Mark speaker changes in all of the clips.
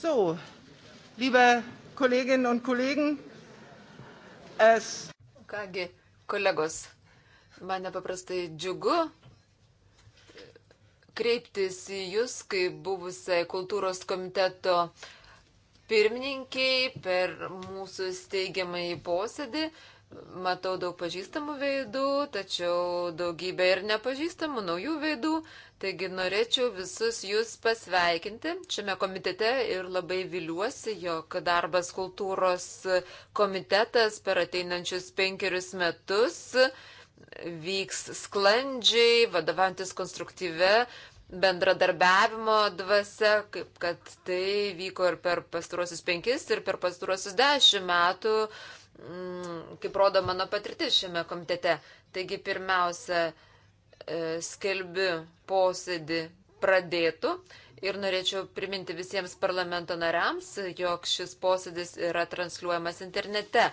Speaker 1: So, liebe Kolleginnen und Kollegen,
Speaker 2: es. Kągi, kolegos, man nepaprastai džiugu kreiptis į Jūs kaip buvusiai kultūros komiteto pirmininkiai per mūsų steigiamąjį posėdį matau daug pažįstamų veidų, tačiau daugybė ir nepažįstamų naujų veidų. Taigi norėčiau visus jūs pasveikinti šiame komitete ir labai viliuosi, jog darbas kultūros komitetas per ateinančius penkerius metus vyks sklandžiai, vadovantis konstruktyve bendradarbiavimo dvasia, kaip kad tai vyko ir per pastaruosius penkis, ir per pastaruosius dešimt metų Mm, kaip rodo mano patirtis šiame komitete. Taigi pirmiausia, e, skelbiu posėdį pradėtų ir norėčiau priminti visiems parlamento nariams, jog šis posėdis yra transliuojamas internete.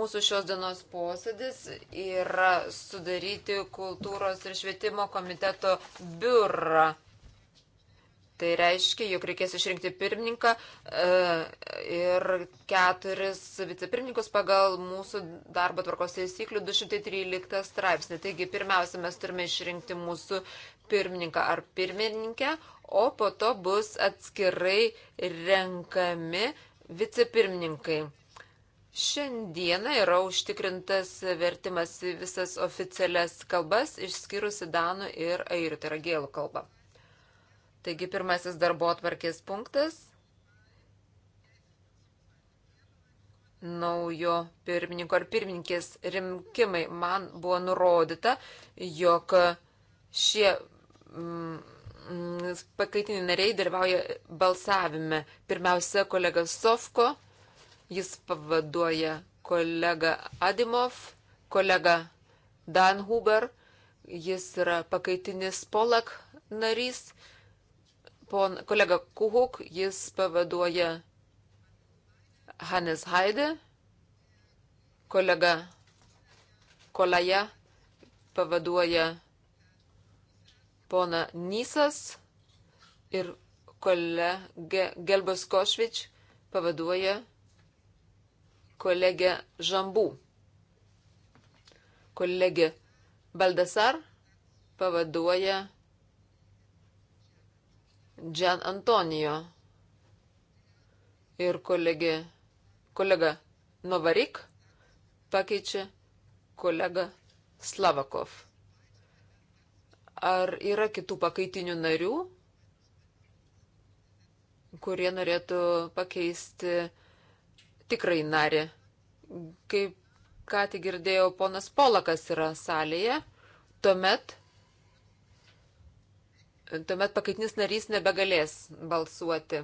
Speaker 2: Mūsų šios dienos posėdis yra sudaryti kultūros ir švietimo komiteto biurą. Tai reiškia, jog reikės išrinkti pirmininką e, ir keturis vicepirmininkus pagal mūsų darbo tvarkos teisyklių 213 straipsnį. Taigi, pirmiausia, mes turime išrinkti mūsų pirmininką ar pirmininkę, o po to bus atskirai renkami vicepirmininkai. Šiandieną yra užtikrintas vertimas į visas oficialias kalbas, išskyrus į Danų ir Airių, tai yra gėlų kalbą. Taigi pirmasis darbo atvarkės punktas naujo pirmininko ar pirmininkės rinkimai. Man buvo nurodyta, jog šie mm, pakaitiniai nariai dalyvauja balsavime. Pirmiausia, kolega Sofko, jis pavaduoja kolega Adimov, kolega Dan Huber, jis yra pakaitinis Polak narys pon, kolega Kuhuk, jis pavaduoja Hannes Haidė, kolega Kolaja pavaduoja pona Nysas ir kolegė Gelbos Košvič pavaduoja kolegė Žambų. Kolegė Baldasar pavaduoja kolegė Džan Antonijo ir kolegė, kolega Novarik pakeičia kolega Slavakov. Ar yra kitų pakaitinių narių, kurie norėtų pakeisti tikrai narį? Kaip ką tik girdėjau, ponas Polakas yra salėje, tuomet tuomet pakaitinis narys nebegalės balsuoti.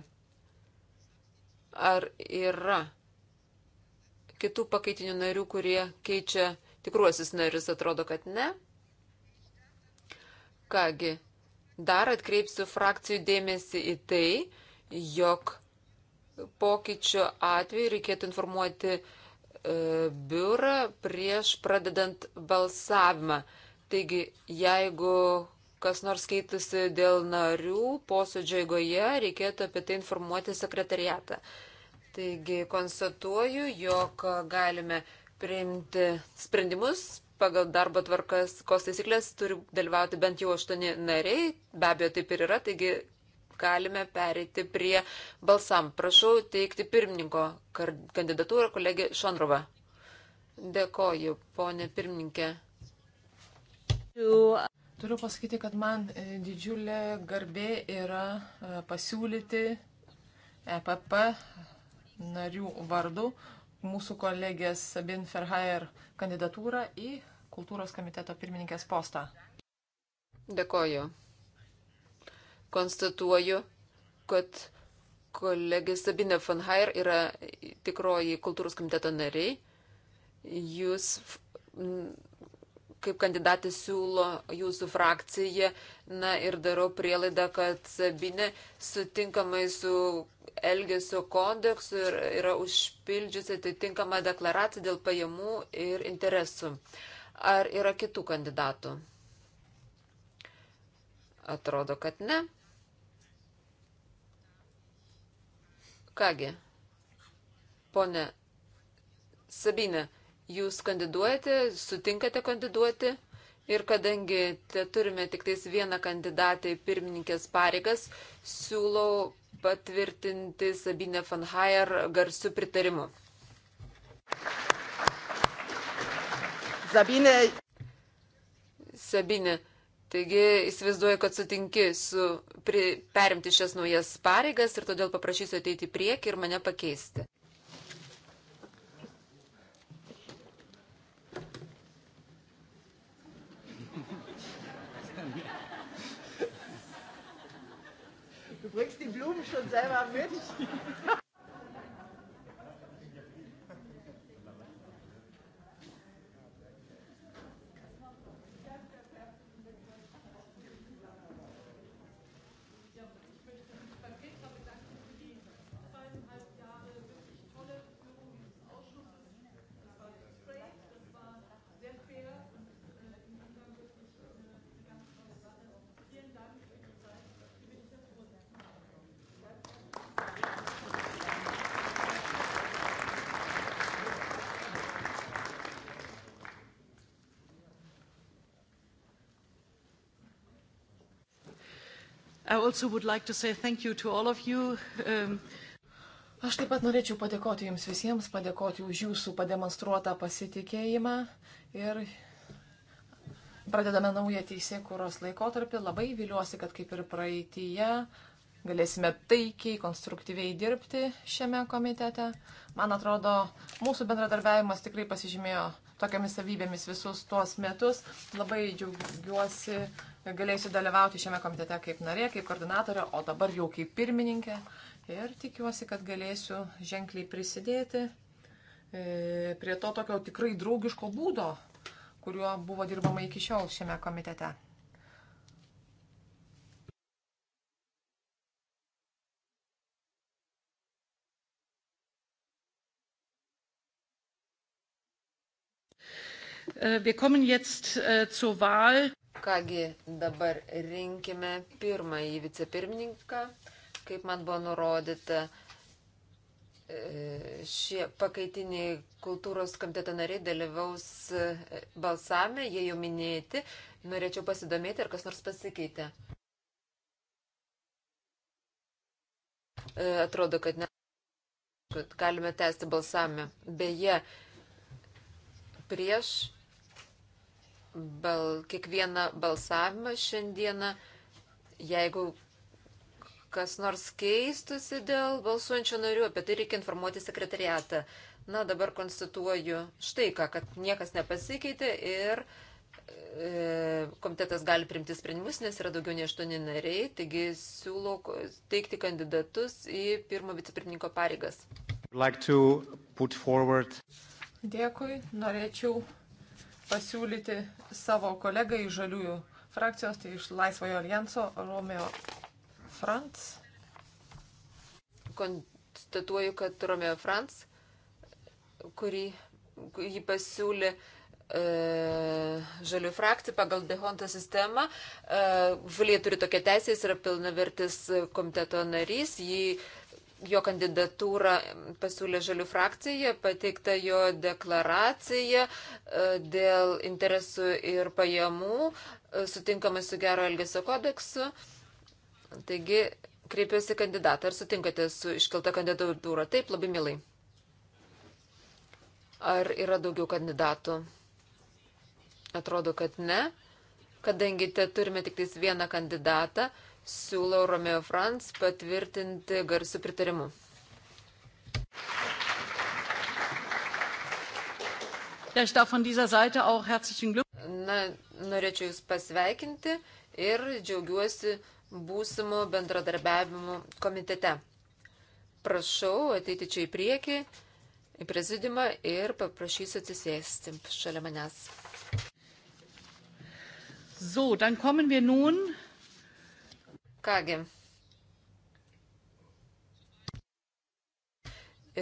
Speaker 2: Ar yra kitų pakaitinių narių, kurie keičia tikruosius narius? Atrodo, kad ne. Kągi, dar atkreipsiu frakcijų dėmesį į tai, jog pokyčio atveju reikėtų informuoti e, biurą prieš pradedant balsavimą. Taigi, jeigu kas nors skaitusi dėl narių posėdžio eigoje, reikėtų apie tai informuoti sekretariatą. Taigi konstatuoju, jog galime priimti sprendimus pagal darbo tvarkas, kos taisyklės turi dalyvauti bent jau aštuoni nariai, be abejo taip ir yra, taigi galime pereiti prie balsam. Prašau teikti pirmininko kandidatūrą kolegė Šonrova. Dėkoju, ponė pirmininkė.
Speaker 1: Turiu pasakyti, kad man e, didžiulė garbė yra e, pasiūlyti EPP narių vardu mūsų kolegės Sabin Ferhaer kandidatūrą į kultūros komiteto pirmininkės postą.
Speaker 2: Dėkoju. Konstatuoju, kad kolegė Sabinė von Hair yra tikroji kultūros komiteto nariai. Jūs kaip kandidatė siūlo jūsų frakcija. Na ir darau prielaidą, kad Sabinė sutinkamai su Elgesio kodeksu ir yra užpildžiusi atitinkamą deklaraciją dėl pajamų ir interesų. Ar yra kitų kandidatų? Atrodo, kad ne. Kągi, ponė Sabinė, jūs kandiduojate, sutinkate kandiduoti ir kadangi turime tik tais vieną kandidatą į pirmininkės pareigas, siūlau patvirtinti Sabinę Fanhajer garsių pritarimų. Sabinė. Sabinė, taigi įsivaizduoju, kad sutinki su pri, perimti šias naujas pareigas ir todėl paprašysiu ateiti į priekį ir mane pakeisti. Du bringst die Blumen schon selber mit.
Speaker 1: I also would like to say thank you to all of you. Um, Aš taip pat norėčiau padėkoti Jums visiems, padėkoti už Jūsų pademonstruotą pasitikėjimą ir pradedame naują teisėkūros laikotarpį. Labai viliuosi, kad kaip ir praeitįje galėsime taikiai, konstruktyviai dirbti šiame komitete. Man atrodo, mūsų bendradarbiavimas tikrai pasižymėjo tokiamis savybėmis visus tuos metus. Labai džiaugiuosi, galėsiu dalyvauti šiame komitete kaip narė, kaip koordinatorė, o dabar jau kaip pirmininkė. Ir tikiuosi, kad galėsiu ženkliai prisidėti e, prie to tokio tikrai draugiško būdo, kuriuo buvo dirbama iki šiol šiame komitete. Äh, äh, Kągi, dabar
Speaker 2: rinkime pirmąjį vicepirmininką, kaip man buvo nurodyta. E, šie pakaitiniai kultūros komiteto nariai dalyvaus e, balsame, jie jau minėti. Norėčiau pasidomėti, ar kas nors pasikeitė. E, atrodo, kad ne. Galime tęsti balsame. Beje, prieš bal, kiekvieną balsavimą šiandieną, jeigu kas nors keistusi dėl balsuojančių narių, apie tai reikia informuoti sekretariatą. Na, dabar konstatuoju štai ką, kad niekas nepasikeitė ir e, komitetas gali primti sprendimus, nes yra daugiau nei aštuoni nariai, taigi siūlau teikti kandidatus į pirmo
Speaker 1: vicepirmininko pareigas. Like Dėkui, norėčiau pasiūlyti savo kolegai iš žaliųjų frakcijos, tai iš Laisvojo alijanso Romeo Franz.
Speaker 2: Konstatuoju, kad Romeo Franz, kurį jį pasiūlė e, žalių frakcijų pagal Dehonto sistemą. Žalė e, turi tokią teisę, jis yra pilnavertis komiteto narys, jį jo kandidatūrą pasiūlė žalių frakcija, pateikta jo deklaracija e, dėl interesų ir pajamų, e, sutinkamai su gero elgesio kodeksu. Taigi, kreipiuosi kandidatą, ar sutinkate su iškelta kandidatūra? Taip, labai mielai. Ar yra daugiau kandidatų? Atrodo, kad ne, kadangi turime tik vieną kandidatą siūlau Romeo Franz patvirtinti garsų pritarimu. Na, norėčiau Jūs pasveikinti ir džiaugiuosi būsimo bendradarbiavimo komitete. Prašau ateiti čia į priekį, į prezidimą ir paprašysiu atsisėsti šalia manęs.
Speaker 1: So, dann kommen wir
Speaker 2: nun Kągi.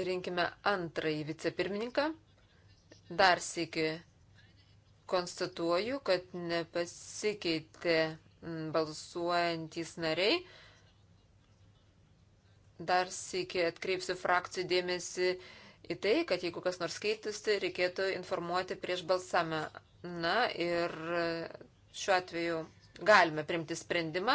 Speaker 2: Rinkime antrąjį vicepirmininką. Dar sėki konstatuoju, kad nepasikeitė balsuojantys nariai. Dar sėki atkreipsiu frakcijų dėmesį į tai, kad jeigu kas nors keitusi, reikėtų informuoti prieš balsamą. Na ir e, šiuo atveju galime primti sprendimą,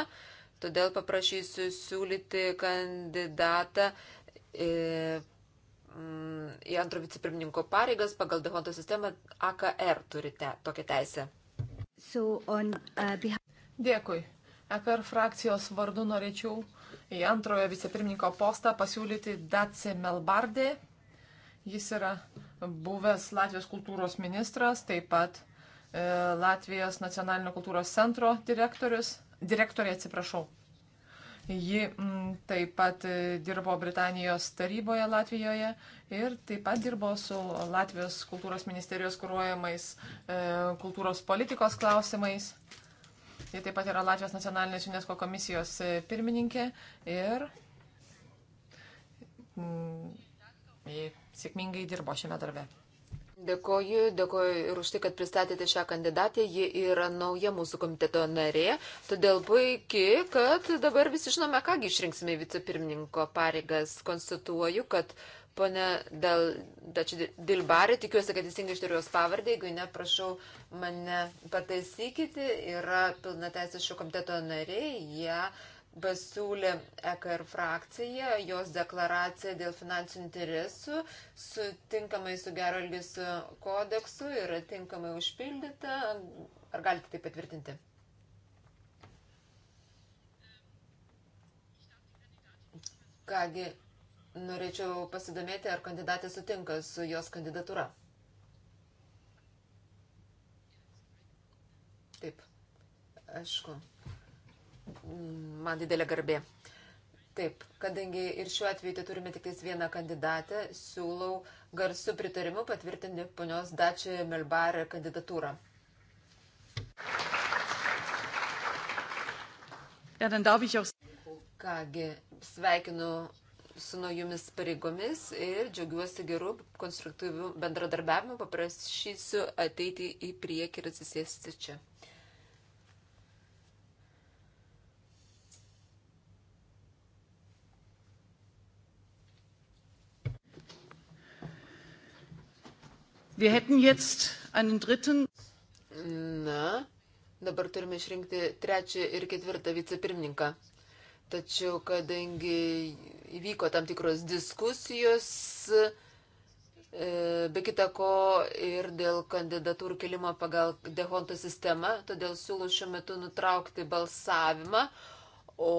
Speaker 2: Todėl paprašysiu siūlyti kandidatą e, mm, į antro vicepirmininko pareigas pagal Dehonto sistemą AKR turite tokią
Speaker 1: teisę. So on, uh, behalf... Dėkui. AKR frakcijos vardu norėčiau į antrojo vicepirmininko postą pasiūlyti Dace Melbardė. Jis yra buvęs Latvijos kultūros ministras, taip pat e, Latvijos nacionalinio kultūros centro direktorius direktorė atsiprašau. Ji m, mm, taip pat e, dirbo Britanijos taryboje Latvijoje ir taip pat dirbo su Latvijos kultūros ministerijos kūruojamais e, kultūros politikos klausimais. Ji taip pat yra Latvijos nacionalinės UNESCO komisijos e, pirmininkė ir m, mm, sėkmingai dirbo šiame darbe.
Speaker 2: Dėkoju, dėkoju ir už tai, kad pristatėte šią kandidatę. Ji yra nauja mūsų komiteto narė, todėl puikiai, kad dabar visi žinome, kągi išrinksime vicepirmininko pareigas. Konstatuoju, kad ponė Dilbarė, tikiuosi, kad teisingai ištariu jos pavardę, jeigu ne, prašau mane pataisykite, yra pilna teisė šio komiteto narė, jie. Ja pasiūlė EKR frakcija, jos deklaracija dėl finansinių interesų sutinkamai su gero elgesio kodeksu yra tinkamai užpildyta. Ar galite tai patvirtinti? Kągi, norėčiau pasidomėti, ar kandidatė sutinka su jos kandidatūra. Taip, aišku man didelė garbė. Taip, kadangi ir šiuo atveju tai turime tik vieną kandidatę, siūlau garsų pritarimu patvirtinti ponios Dačiai Melbarė kandidatūrą. Kągi, sveikinu su naujomis pareigomis ir džiaugiuosi geru konstruktyviu bendradarbiavimu, paprašysiu ateiti į priekį ir atsisėsti čia. Wir hätten jetzt einen dritten. Na, dabar turime išrinkti trečią ir ketvirtą vicepirmininką. Tačiau, kadangi įvyko tam tikros diskusijos, e, be kita ko ir dėl kandidatūrų kelimo pagal dehonto sistemą, todėl siūlau šiuo metu nutraukti balsavimą, o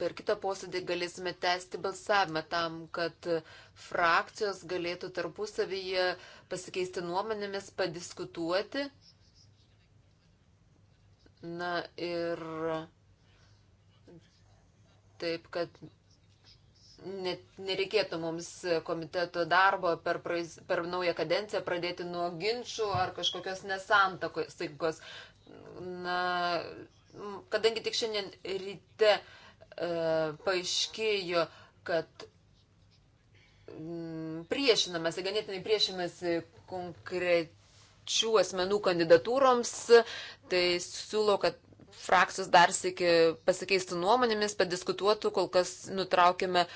Speaker 2: per kitą posėdį galėsime tęsti balsavimą tam, kad frakcijos galėtų tarpusavyje pasikeisti nuomonėmis, padiskutuoti. Na ir taip, kad net nereikėtų mums komiteto darbo per, praeis, per naują kadenciją pradėti nuo ginčių ar kažkokios nesantakos. Na, kadangi tik šiandien ryte e, paaiškėjo, kad mm, priešinamasi, ganėtinai priešinamasi konkrečių asmenų kandidatūroms, tai siūlo, kad frakcijos dar sėki pasikeistų nuomonėmis, padiskutuotų, kol kas nutraukėme e,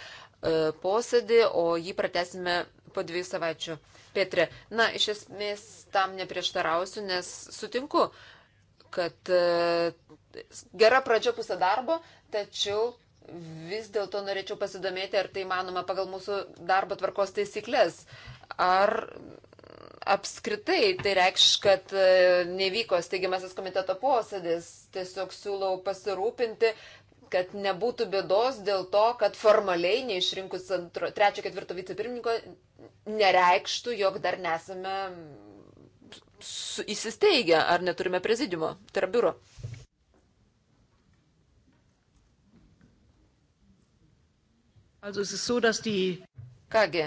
Speaker 2: posėdį, o jį pratesime po dviejų savaičių. Petrė, na, iš esmės tam neprieštarausiu, nes sutinku, uh, kad e, gera pradžia pusė darbo, tačiau vis dėlto norėčiau pasidomėti, ar tai manoma pagal mūsų darbo tvarkos taisyklės. Ar apskritai tai reikš, kad e, nevyko steigiamasis komiteto posėdis. Tiesiog siūlau pasirūpinti, kad nebūtų bėdos dėl to, kad formaliai neišrinkus trečio, ketvirto vicepirmininko nereikštų, jog dar nesame įsisteigę, ar neturime prezidimo, tai yra biuro. Kągi,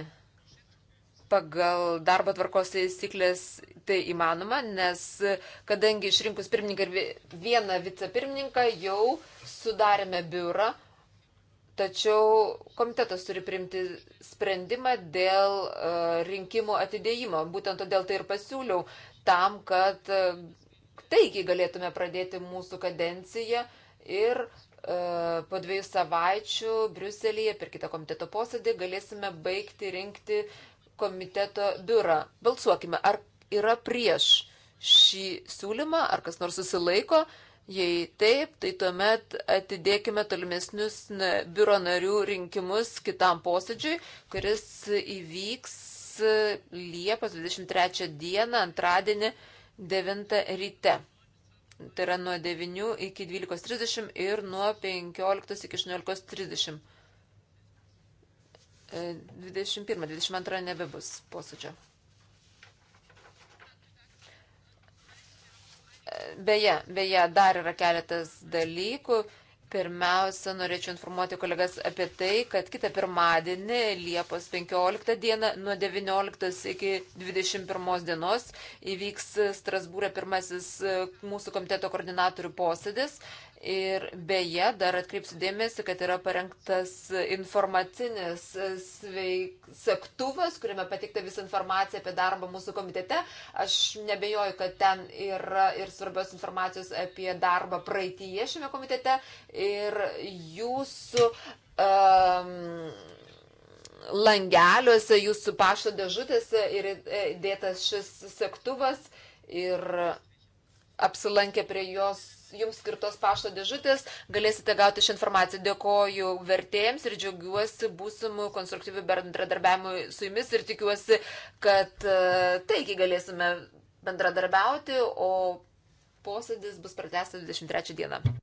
Speaker 2: pagal darbo tvarkos teisiklės tai įmanoma, nes kadangi išrinkus pirmininką ir vieną vicepirmininką jau sudarėme biurą, tačiau komitetas turi priimti sprendimą dėl e, rinkimų atidėjimo. Būtent todėl tai ir pasiūliau tam, kad e, taigi galėtume pradėti mūsų kadenciją ir e, po dviejų savaičių Briuselėje per kitą komiteto posėdį galėsime baigti rinkti komiteto biurą. Balsuokime, ar yra prieš šį siūlymą, ar kas nors susilaiko. Jei taip, tai tuomet atidėkime tolimesnius biuro narių rinkimus kitam posėdžiui, kuris įvyks Liepos 23 dieną, antradienį 9 ryte. Tai yra nuo 9 iki 12.30 ir nuo 15 iki 18.30. 21-22 e, nebebus posėdžio. E, beje, beje, dar yra keletas dalykų. Pirmiausia, norėčiau informuoti kolegas apie tai, kad kitą pirmadienį, Liepos 15 dieną, nuo 19 iki 21 dienos įvyks Strasbūrė pirmasis e, mūsų komiteto koordinatorių posėdis Ir beje, dar atkreipsiu dėmesį, kad yra parengtas informacinis sveik... sektuvas, kuriame patikta visa informacija apie darbą mūsų komitete. Aš nebejoju, kad ten yra ir svarbios informacijos apie darbą praeitie šiame komitete. Ir jūsų um, langeliuose, jūsų pašto dėžutėse yra e, dėtas šis sektuvas. Ir apsilankę prie jos jums skirtos pašto dėžutės, galėsite gauti šią informaciją. Dėkoju vertėjams ir džiaugiuosi būsimų konstruktyvių bendradarbiavimų su jumis ir tikiuosi, kad e, taigi galėsime bendradarbiauti, o posėdis bus pratęstas 23 dieną.